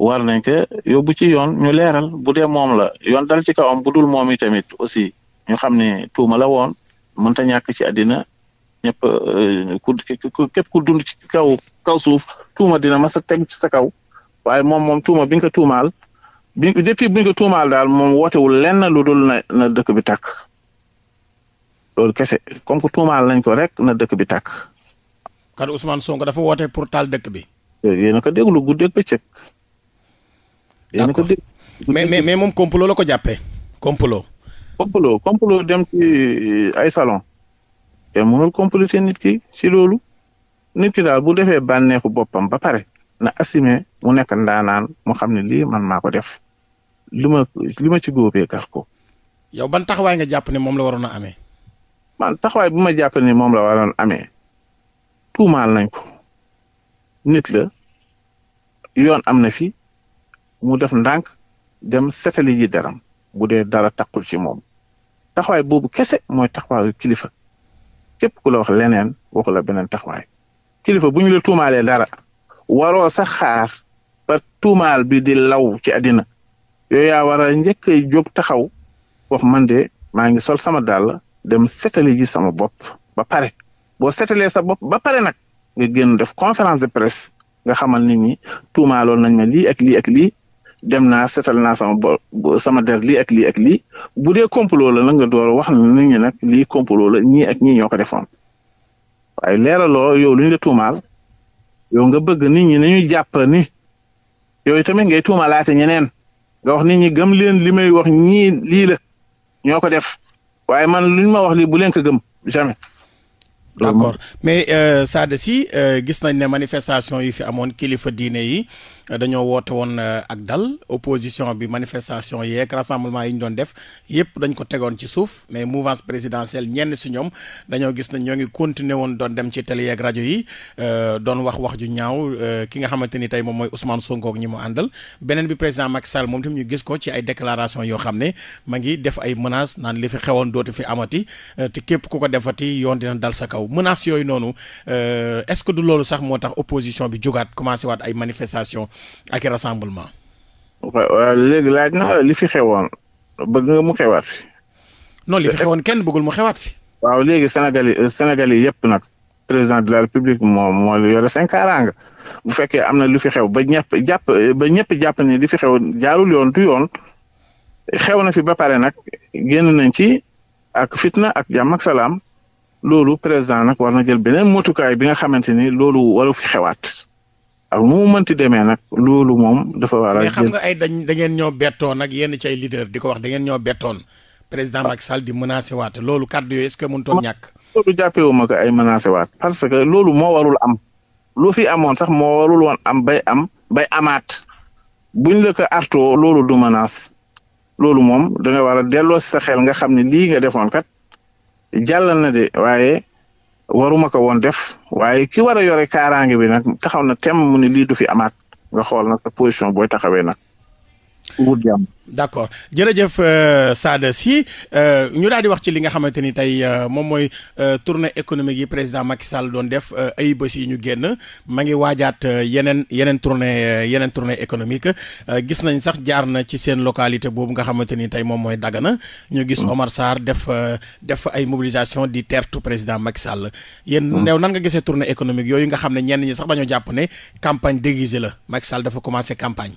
war nañ ko yóbbu ci yoon ñu leeral bu dee moom la yoon dal ci kawam bu dul moom i tamit aussi ñu xam ne tuuma la woon mënta ñàkk ci àddina ñëpp euh, ku képp ku dund ci kaw kaw suuf tuuma dina mas teg ci sa kaw waaye moom moom tuuma bi nga ko tuumaal bi depuis bi nga ko daal moom wootewul lenn lu dul na na dëkk bi tàkk loolu kese comme que tuumaal nañ ko rek na dëkk bi tàkk.
kan Ousmane Sonko dafa woote pour taal dëkk bi.
Eh, yéen a ko déglu guddeeg bëccëg. ko
mais mais mais moom complot la ko
jàppee complot. complot complot dem ci euh, ay salon te mënul compléter nit ki ci loolu nit ki daal bu defee bànneexu boppam ba pare na assumé mu nekk naan mu xam ne lii man maa ko def li ma li ma ci góobee gar ko.
yow ban taxawaay nga jàpp ne moom la waroon amee.
man taxawaay bu ma jàpp ne moom la waroon amee tuumaal nañ ko nit la yoon am na fi mu def ndànk dem setali ji bu dee dara takkul ci moom taxawaay boobu kese mooy taxawaayu kilifa képp ku la wax leneen waxu la beneen taxawaay kilifa bu ñu la tuumaalee dara waroo sax xaar ba tuumaal bi di law ci àddina yooyu ya wara a njëkk a jóg taxaw wax man de maa ngi sol sama dàll dem setali ji sama bopp ba pare boo setalee sa bopp ba pare nag nga génn def conférence de presse nga xamal nit ñi tuumaaloon nañ ma lii ak lii ak lii dem naa setal naa sama bo sama der lii ak lii ak lii bu dee complot la nag nga door wax na nit ñi nag lii complot la ñii ak ñii ñoo ko defoon waaye leeraloo yow lu ñu la tuumaal yow nga bëgg nit ñi nañu jàpp ni yow tamit ngay tuumaalaate ñeneen nga wax nit ñi gëm leen li may wax ñii lii la ñoo ko def waaye man luñ ma wax lii bu leen ko gëm jamais.
d'accord mais euh, Sada Sy euh, gis nañ ne manifestation yi fi amoon kilifa diine yi. dañoo woote woon euh, ak dal opposition bi manifestation yeeg rassemblement yi ñu doon def yëpp dañ ko tegoon ci suuf mais mouvance présidentielle ñenn si ñoom dañoo gis na ñoo ngi continuer woon doon dem ci télé yeeg rajo yi euh, doon wax wax ju ñaaw euh, ki nga xamante ni tey moom mooy Ousmane Sonko ñi mu àndal beneen bi président Macky Sall moom tam ñu gis ko ci ay déclaration yoo xam ne ma ngi def ay menaces naan li fi xewoon dootu fi amati te képp ku ko defati yoon dina dal sa kaw menaces yooyu noonu est-ce que loolu sax moo tax opposition bi jógaat commencé waat ay manifestation ak i rassemblement.
léegi laaj na li fi xewoon bëgg nga mu xewaat fi. non li xewoon kenn bëggul mu xewaat fi. waaw léegi Sénégal yi euh, Sénégal yi yëpp nag président de la république moo moo yore bu fekkee am na lu fi xew ba ñëpp jàpp ba ñëpp jàpp ne li fi xew jaarul yoon du yoon xew na fi ba pare nag génn nañ ci ak fitna ak jàmm salaam loolu président nag war na jël beneen motukaay bi nga xamante ni loolu waru fi xewaat. ak mu mënti demee nag loolu moom dafa war a. xam nga
ay dañ da ngeen ñoo bettoon ak yenn ci ay leader di ko wax da ngeen ñoo betoon président Macky Sall di menacé waat loolu kàddu yooyu est ce que mënutoon ñàkk. loolu jàppewuma
ko ay menacé waat parce que loolu moo warul am lu fi amoon sax moo warul woon am bay am bay amaat buñ la arto loolu du menace loolu moom da nga war a delloo si sa xel nga xam ne lii nga defoon kat jàll na de waaye. waruma ko woon def waaye ki war a yore kaaraange bi nag taxaw na tem mu ne lii du fi amaat nga xool nag position booy taxawee nag. wut jàmm
d' accord jërëjëf euh, Sada Sy euh, ñu daal di wax ci li nga xamante ni tey euh, moom mooy tournée économique yi président Macky Sall doon def ay bés yi ñu génn maa ngi waajaat yeneen yeneen tournée yeneen tournée économique gis nañ sax jaar na ci seen localité boobu nga xamante ni tey moom mooy daggana ñu gis mm. Omar Sarr def def ay mobilisation di tertu président Macky Sall yéen mm. neew nan nga gisee tournée économique yooyu nga xam ne ñenn ñi sax dañoo jàpp ne campagne déguisée la Macky Sall commencé campagne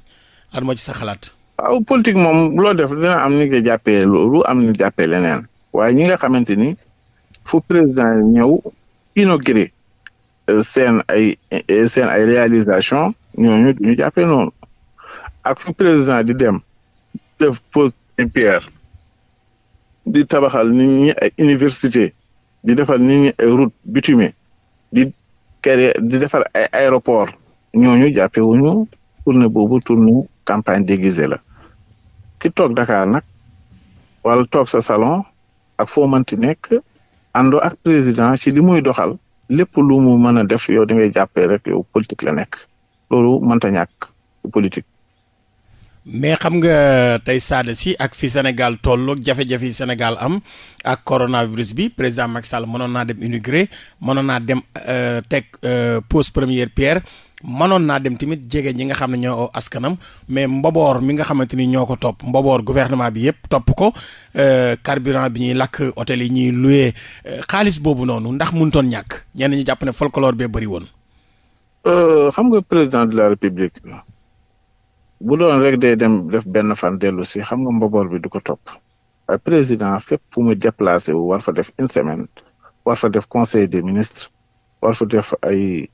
lan ci sa xalaat
waaw politique moom loo def dina am ni nga jàppee loolu am ni jàppee leneen waaye ñi nga xamante ni fu président ñëw inauguré euh, seen ay euh, seen ay réalisation ñooñu duñu jàppee noonu ak fu président di dem def pose une di tabaxal nit ñi ay université di defal nit ñi ay route bitumée di créer di defal ay aéroport ñooñu jàppewuñu tournée boobu tournée campagne déguisée la ki toog Dakar nag wala toog sa salon ak foo mënti nekk àndoo ak président ci li muy doxal lépp lu mu mën a def yow da ngay jàppee rek yow politique la nekk loolu mënta ñàkk politique.
mais xam nga tey Sada si ak fi Sénégal toll ak jafe-jafe Sénégal am ak coronavirus bi président Macky Sall mënoon naa dem inauguré mënoon naa dem euh, teg euh, pose première pierre. mënoon naa dem tamit jege ñi nga xam ne ñoo askanam mais mboboor mi nga xamante ni ñoo ko topp mboboor gouvernement bi yëpp topp ko euh, carburant bi ñuy lakk hôtel yi ñuy luye euh, xaalis boobu noonu ndax mënutoon ñàkk ñenn ñu jàpp ne folklore bee bëri woon.
Euh, xam nga président de la république bu doon rek day dem def benn fan dellu si xam nga mboboor bi du ko topp président fépp fu mu déplacé wu war fa def une semaine war fa def conseil des ministres war fa def ay.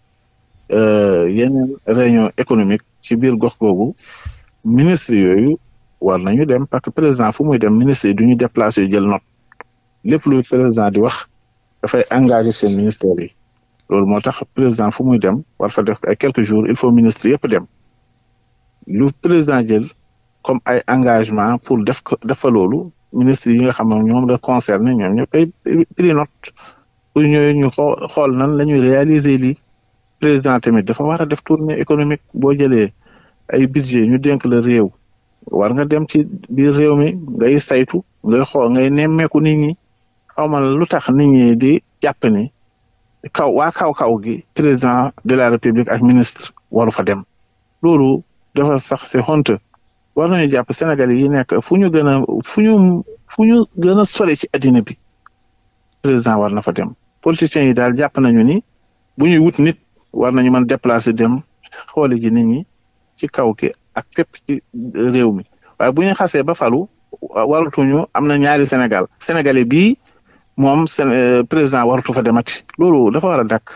Euh, yeneen réunion économique ci biir gox googu ministre yooyu war nañu dem parce que président fu muy dem ministre yi du ñu déplacé jël note lépp luy président di wax dafay engagé seen ministère yi loolu moo tax président fu muy dem war fa def ay quelques jours il faut ministre yëpp dem lu président jël comme ay engagement pour def ko def fa loolu ministre yi nga xam ne ñoom la concerné ñoom ñëpp ay pris note pour ñooyu ñu xool nan la ñuy réaliser lii président tamit dafa war a def tournée économique boo jëlee ay budget ñu dénk la réew war nga dem ci biir réew mi ay saytu ngay xool ngay nemmeeku nit ñi ma lu tax nit ñi di jàpp ni kaw waa kaw-kaw gi président de la république ak ministre waru fa dem loolu dafa sax c'est honte war nañu jàpp Sénégal yi nekk fu ñu gën a fu ñu gën a sore ci addina bi président war na fa dem politiciens yi daal jàpp nañu ni bu ñuy wut war nañu mën déplacer dem xooli ji nit ñi ci kaw ki ak fépp réew mi waaye bu ñu xasee ba falu waratuñu am na ñaari Sénégal sénégalais bii moom euh, président waratu fa demati loolu dafa war a dakk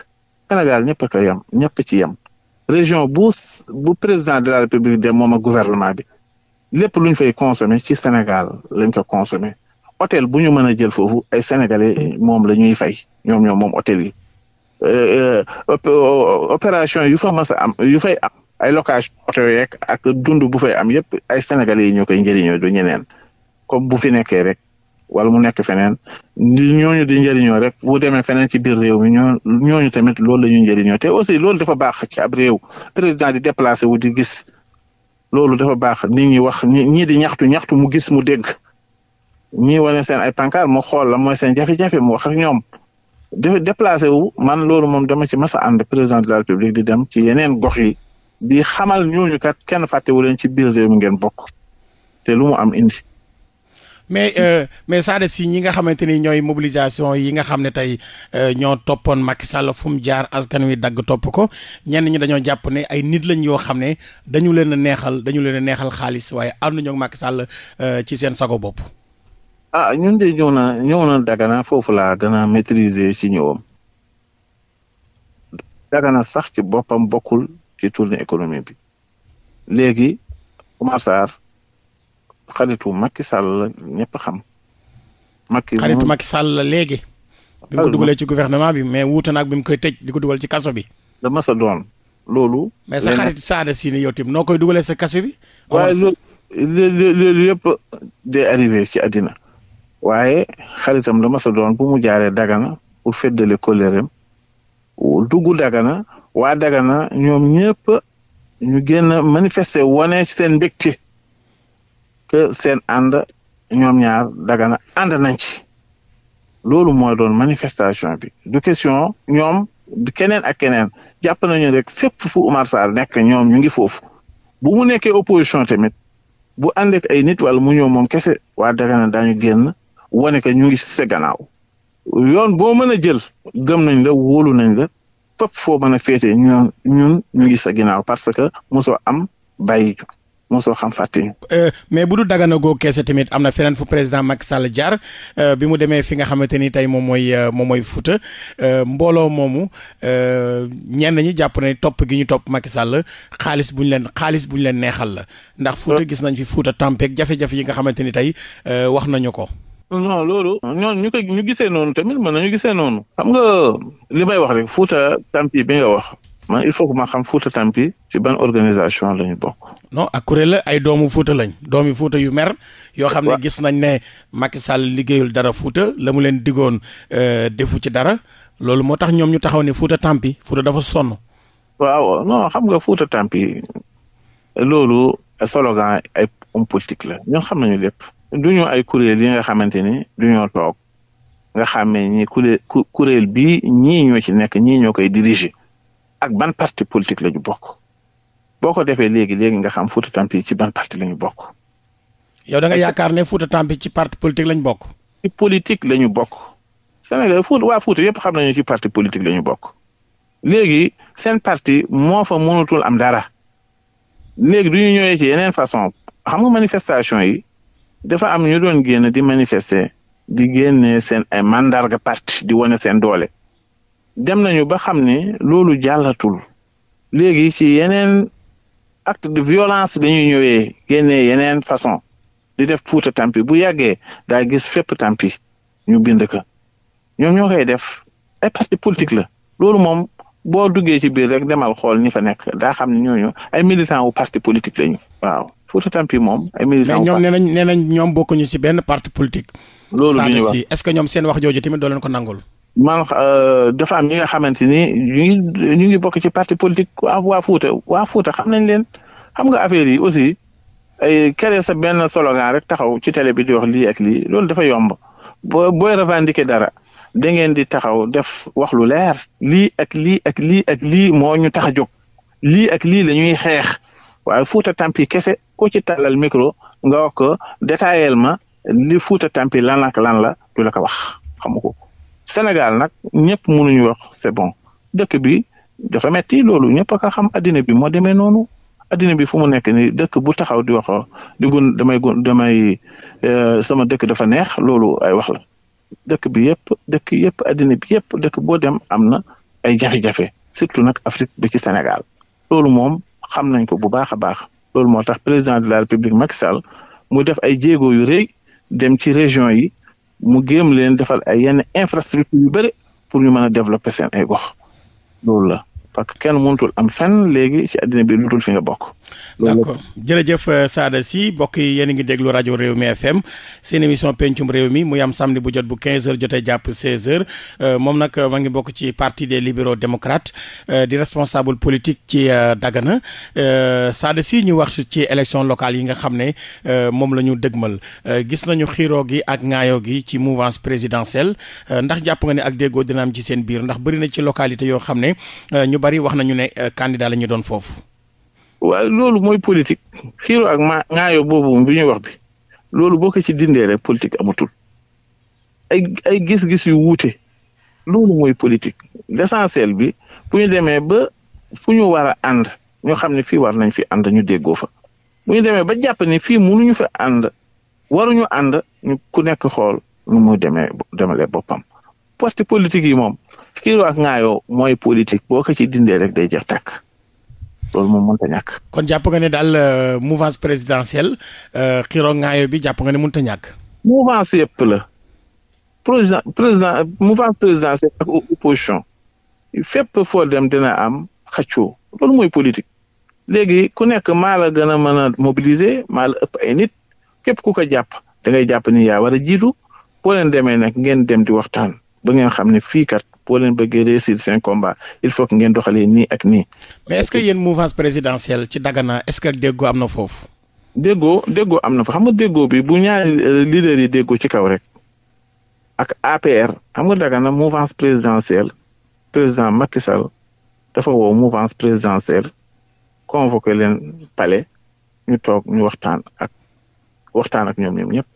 Sénégal ñëpp a ko yem ñëpp ci yem région bu bu président de la république dem moom a gouvernement bi lépp luñ fay consommer ci Sénégal lañ ko consommer hôtel bu ñu mën a jël foofu ay sénégalais moom la ñuy fay ñoom ñoom moom hôtel yi. Euh, euh, opération yu fa mas a am yu fay am ay location oto yeeg ak dund bu fay am yëpp ay sénégalais yi ñoo koy njëriñoo du ñeneen comme bu fi nekkee rek wala mu nekk feneen ndi ñooñu di njëriñoo rek bu demee feneen ci biir réew mi ñoo ñooñu tamit loolu la ñuy njëriñoo te aussi loolu dafa baax ci ab réew président di déplacé wu di gis loolu dafa baax nit ñi wax ñii di ñaxtu ñaxtu mu gis mu dégg ñii wane seen ay pancarte mo xool la mooy seen jafe-jafe mu wax ak ñoom de déplacé wu man loolu moom dema ci ma a ànd président de la république di dem ci yeneen gox yi bi xamal ñooñu kat kenn fàttewu leen ci biir réew mi ngeen bokk te lu mu am indi.
mais euh, mais Sada Sy ñi nga xamante ni ñooy mobilisation yi nga xam ne tey euh, ñoo toppoon Macky sàll fu mu jaar askan wi dagg topp ko ñenn ñi dañoo jàpp ne ay nit lañ yoo xam ne dañu leen a neexal dañu leen a neexal xaalis waaye ànduñu ak Macky Sall euh, ci seen sago bopp.
ah ñun de ñëw na ñëw na Dagana foofu laa gën a maîtriser ci ñëwam Dagana sax ci boppam bokkul ci tournée économique bi léegi Oumar Sarr xaritu makki Sall la ñëpp xam.
Macky xaritu Macky Sall la léegi. bi mu ko dugalee ci gouvernement bi mais wuute na ak bi koy tëj di ko dugal ci kaso bi. da masa doon loolu. mais sa xarit Saada si ne yow noo koy dugalee sa kaso bi. waaye
loolu yëpp day ci àddina. waaye xaritam la masa doon bu mu jaaree dagana pour feddale koleeram dugg dagana waa dagana ñoom ñëpp ñu génn manifester wane seen mbégte que seen ànd ñoom ñaar dagana ànd nañ ci loolu mooy doon manifestation bi du question ñoom keneen ak keneen jàpp nañu rek fépp fu Umar Sarr nekk ñoom ñu ngi foofu bu mu nekkee opposition tamit bu ànd ak ay nit wala mu ñëw moom kese waa dagana daañu génn wane que ñu ngi sa gannaaw yoon boo mën a jël gëm nañ la wóolu nañ la fépp foo mën a féete ñun ñu ngi sa ginnaaw parce que mosoo am bàyyi ju mosoo xam fàtte ñu.
Euh, mais bu du Dagana goo keese tamit am na feneen fu président Macky Sall jaar euh, bi mu demee fi nga xamante ni tey moom mooy euh, moom mooy Fouta mbooloo moomu ñenn ñi jàpp ne topp gi ñu topp Macky Sall xaalis bu ñu leen xaalis bu leen neexal la. ndax Fouta gis nañ fi Fouta Tampeek jafe-jafe yi nga xamante ni tey wax nañu ko.
non loolu ñoon ñu ko ñu gisee noonu tamit na nañu gisee noonu xam nga li may wax rek fuuta Tampi bi nga wax man il faut que ma xam Fouta Tampi ci ban organisation la ñu bokk.
non ak kuréel la ay doomu Fouta lañ doomi Fouta yu mer. yoo xam ne gis nañ ne Macky Sall liggéeyul dara Fouta la mu leen diggoon euh, defu ci dara loolu moo tax ñoom ñu taxaw ne Fouta tempi Fouta dafa sonn.
waaw non xam nga Fouta Tampi loolu slogan ay homme politique la ñun xam nañu lépp. duñu ay kuréel yi nga xamante ni duñoo toog nga xam ne ñi kuréel kuréel bii ñii ñoo ci nekk ñii ñoo koy diriger ak ban parti politique la ñu bokk boo ko defee léegi léegi nga xam Fouta Tampi ci ban parti la bokk.
yow da nga yaakaar ne Fouta Tampi ci parti politique la bokk. ci politique la ñu bokk Sénégal Fouta waa Fouta yëpp xam nañu ci parti
politique la ñu bokk léegi seen parti moo fa mënatul am dara léegi du ñëwee ci yeneen façon xam nga manifestation yi. dafa am ñu doon génn di manifester di génne seen ay mandarga parti di wane seen doole dem nañu ba xam ne loolu jàllatul léegi ci yeneen acte de violence dañuy ñëwee génnee yeneen façon di def puuta tampi bu yàggee daa gis fépp tampi ñu bind ko ñoom ñoo koy def ay parti politique la loolu moom boo duggee ci biir rek demal xool ñi fa nekk daa xam ne ñooñu ay militant wu parti politique lañu waaw Fouta Tampi moom ay militants. mais ñoom nee
nañ nee nañ ñoom bokkuñu ci benn parti politique. loolu du ñu wax est-ce que ñoom seen wax jooju tamit doo ko nangul.
man euh, dafa am ñi nga xamante ni ñu ngi ñu ngi bokk ci parti politique waa waa Fouta waa Fouta xam nañ leen xam nga affaire yi aussi ay créer sa benn slogan rek taxaw ci télé bi di wax lii ak lii loolu dafa yomb boo booy revendiquer dara. da ngeen di taxaw def wax lu leer lii ak lii ak lii ak lii moo ñu tax a jóg lii ak lii la ñuy xeex waaye Fuuta Tampi kese ku ci tàllal micro nga wax ko détaillé ma li Fuuta Tampi lan ak lan la du la ko wax xamu ko Sénégal nag ñëpp mënuñu wax c'est bon dëkk bi dafa metti loolu ñëpp a ko xam addina bi moo demee noonu addina bi fu mu nekk ni dëkk bu taxaw di wax di gun damay gun damay euh, sama dëkk dafa neex loolu ay wax la dëkk bi yëpp dëkk yëpp addina bi yëpp dëkk boo dem am na ay jafe-jafe surtout nag Afrique bi ci Sénégal loolu moom xam nañ ko bu baax a baax loolu moo tax président de la république Macky Sall mu def ay jéego yu rëy dem ci région yi mu géem leen defal ay yenn infrastructure yu bëri pour ñu mën a développer seen ay gox loolu la parce que kenn mënutul am fenn léegi ci àddina bi lu dul fi nga bokk. d'accord
jërëjëf euh, Sada Sy mbokk yi yéen a ngi déglu rajo réew mi FM seen émission pencum réew mi muy am samedi bu jot bu 15 heures jotee jàpp 16 heures euh, moom nag euh, ma ngi bokk ci parti des libéraux démocrates di responsable politique ci Dagana Sada si ñu wax ci élection locale yi nga xam ne moom la ñu dëgmal gis nañu xiiro gi ak ŋaayoo gi ci mouvance présidentielle ndax jàpp nga ne ak déggoo dina am ci seen biir ndax bëri na ci localité yoo xam ne ñu bari wax nañu ne candidat la ñu doon foofu
waaye loolu mooy politique xiiroo ak maa ŋaayoo boobu bi ñuy wax bi loolu boo ko ci dindee rek politique amatul ay ay gis-gis yu wuute loolu mooy politique l'essentiel bi bu ñu demee ba fu ñu war a ànd ñoo xam ne fii war nañ fi ànd ñu déggoo fa bu demee ba jàpp ni fii mënuñu fa ànd waruñu ànd ñu ku nekk xool nu mu demee demalee boppam poste politique yi moom xiiroo ak ŋaayoo mooy politique boo ko ci dindee rek day jeex tàkk loolu moom mënta ñàkk.
kon jàpp nga ne daal euh, mouvance présidentielle euh, xiroo ngaayo bi jàpp nga ne mënta ñàkk. mouvance yëpp la président président mouvance présidentielle ak opposition
fépp foo dem dina am xaccoo loolu mooy politique léegi ku nekk maa la gën a mën a mobiliser maa la ëpp ay nit képp ku ko jàpp da ngay jàpp ni yaa war a jiitu boo leen demee nag ngeen dem di waxtaan. ba ngeen xam ne fii kat boo leen bëggee réussir seen combat il faut que ngeen doxalee nii ak nii.
mais est-ce que yéen mouvance présidentielle ci Dagana est-ce que déggoo am na foofu.
déggoo déggoo am na fa xam
nga déggoo bi bu ñaari euh, leaders
yi déggoo ci kaw rek ak APR xam nga Dagana mouvance présidentielle président Macky Sall dafa woo mouvance présidentielle convoqué leen pale ñu toog ñu waxtaan ak waxtaan ak ñoom ñoom ñëpp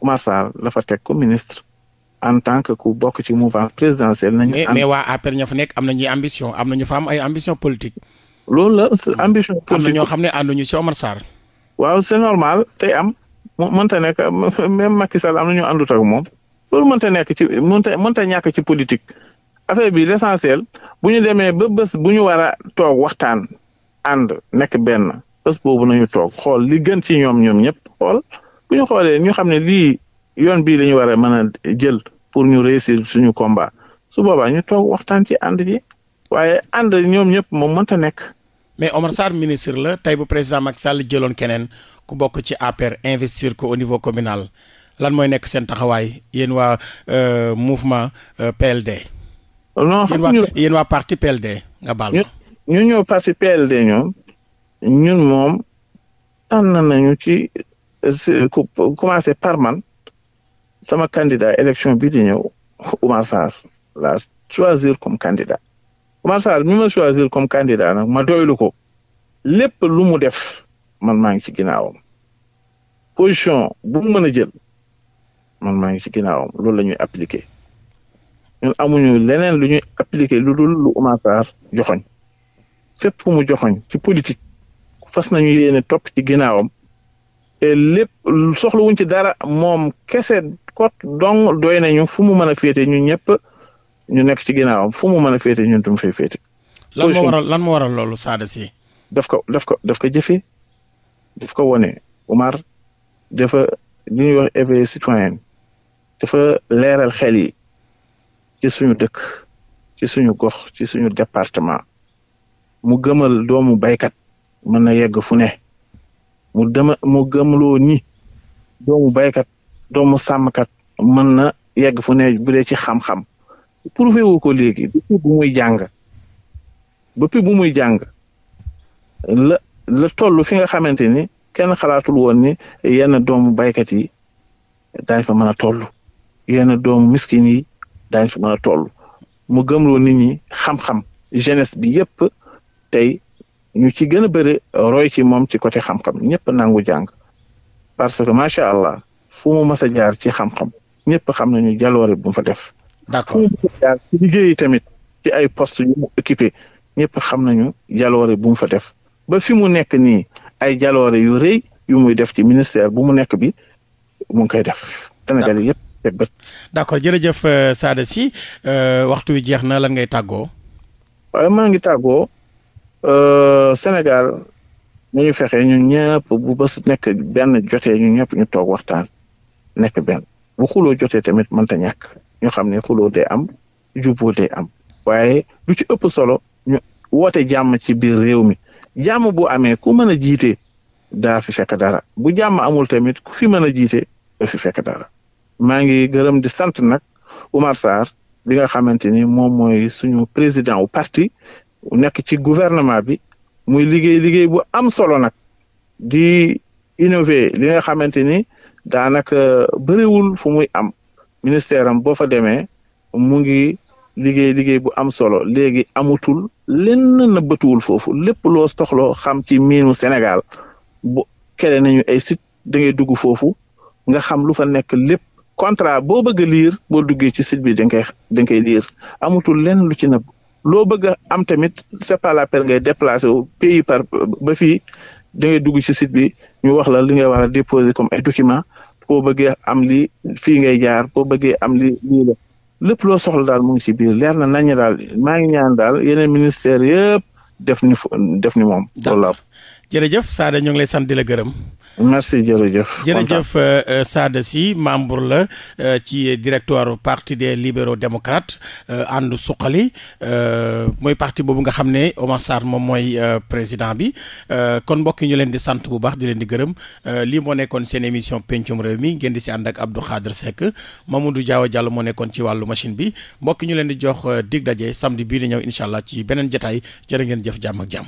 Oumar Sarr teg ko ministre. en tant que ku bokk ci mouvance présidentielle. nañu waa
APR ña fa nekk am nañuy ambition am na ñu fa am ay ambition politique. loolu la ambition. politique am na ñoo xam ne ànduñu
mënta nekk même Macky Sall am na ñu àndut ak ci mënta mënta bi l'essentiel bu ñu demee ba bés bu ñu war a toog waxtaan ànd nekk benn bés boobu nañu toog xool li gën ci ñoom ñoom ñëpp xool bu ñu xoolee ñu xam ne lii yoon bii la ñu a mën a jël. pour ñu réussir suñu combat su boobaa ñu toog waxtaan ci ànd ji
waaye ànd ñoom ñëpp moom mënta nekk. mais Omar Sarr ministre la tey bu président Macky Sall jëloon keneen ku bokk ci APR investir ko au niveau communal lan mooy nekk seen taxawaay yéen waa euh, mouvement euh, PLD. non xam nga yéen waa parti PLD nga baal ma.
ñu ñëw parti PLD ñoom ñun moom tànn nañu ci euh, commencé par man. sama candidat élection bi di ñëw Oumar la choisir comme candidat Oumar mi ma choisir comme candidat nag ma doylu ko lépp lu mu def man maa ngi ci ginnaawam position bu mu mën a jël man maa ngi ci ginnaawam loolu la ñuy appliquer ñun amuñu leneen lu ñuy appliquer lu dul lu joxoñ fépp fu mu joxoñ ci politique fas nañu yéene topp ci ginnaawam te lépp soxla wuñ ci dara moom kese kot donc doy nañu fu mu mën a féete ñun ñëpp ñu nekk ci ginnaawam fu mu mën a féete ñun tam fay féete.
lan moo waral lan moo waral loolu Sada Sy. daf ko
daf ko daf ko jëfee daf ko wone Umar dafa li ñuy wax éveil citoyen dafa leeral xel yi ci suñu dëkk ci suñu gox ci suñu département mu gëmal doomu baykat mën na yegg fu ne mu dema mu gëmloo ni doomu baykat doomu sàmmkat mën na yegg fu ne bu dee ci xam-xam prouvé wu ko léegi bu muy jàng depuis bu muy jàng la la toll fi nga xamante ni kenn xalaatul woon ni yenn doomu baykat yi daañ fa mën a toll yenn doomu miskin yi daañ fa mën a toll mu gëmloo nit ñi xam-xam jeunesse bi yépp tey ñu ci gën a bëri roy ci moom ci côté xam-xam ñëpp nangu jàng parce que macha allah fu mu mas jaar ci xam-xam ñëpp xam nañu jaloore bu mu fa def. d'accord fu tamit ci ay poste ñëpp xam nañu jaloore bu fa def ba fi mu nekk nii ay jaloore yu rëy yu muy def ci ministère bu mu nekk bi mu ngi koy def. Sénégal yëpp
teg bët. d'accord jërëjëf euh, Sada Sy euh, waxtu wi jeex na lan ngay tàggoo.
waaye maa ngi tàggoo euh, Sénégal. ñu fexe ñun ñëpp bu bës nekk benn jotee ñu ñëpp ñu toog waxtaan nekk benn bu xuloo jotee tamit mënta ñàkk ñu xam ne xuloo day am juboo day am waaye lu ci ëpp solo ñu woote jàmm ci biir réew mi jàmm bu amee ku mën a jiite daa fi fekk dara bu jàmm amul tamit ku fi mën a jiite daa fi fekk dara maa ngi gërëm di sant nag Oumar Sarr bi nga xamante ni moom mooy suñu président wu parti nekk ci gouvernement bi muy liggéey liggéey bu am solo nag di innover li nga xamante ni daanaka bëriwul fu muy am ministère am boo fa demee mu ngi liggéey liggéey bu am solo léegi amutul lenn na bëtuwul foofu lépp loo soxloo xam ci miinu Sénégal bu kere nañu ay site dangay dugg foofu nga xam lu fa nekk lépp contrat boo bëgg liir boo duggee ci site bi da koy da koy liir amutul leen lu ci nëbb loo bëgg am tamit c'est pas la peine ngay déplacer wu pays par ba fii da dugg ci site bi ñu wax la li ngay war déposé comme ay document koo bëggee am li fii ngay jaar koo bëggee am li lii la lépp loo soxla daal mu ngi ci biir leer na nañ daal maa ngi ñaan daal yeneen ministère yëpp def ni def ni moom. d' accord
jërëjëf Sada ñu ngi lay sant di la gërëm.
merci jërëjëf
jërëjëf euh, euh, Sada Sy membre la euh, ci directoire parti des libéraux démocrates ànd suqali mooy parti boobu nga xam ne Omar Sarr moom mooy président bi kon mbokk ñu leen di sant bu baax di di gërëm lii moo nekkoon seen émission pencum réew mi ngeen di si ànd ak Abdou Khadre Seck Mamadou Diaw moo nekkoon ci wàllu machine bi mbokk ñu leen di jox dig daje samedi bii di ñëw incha allah ci beneen jotaay jërë ngeen jëf jàmm ak jàmm.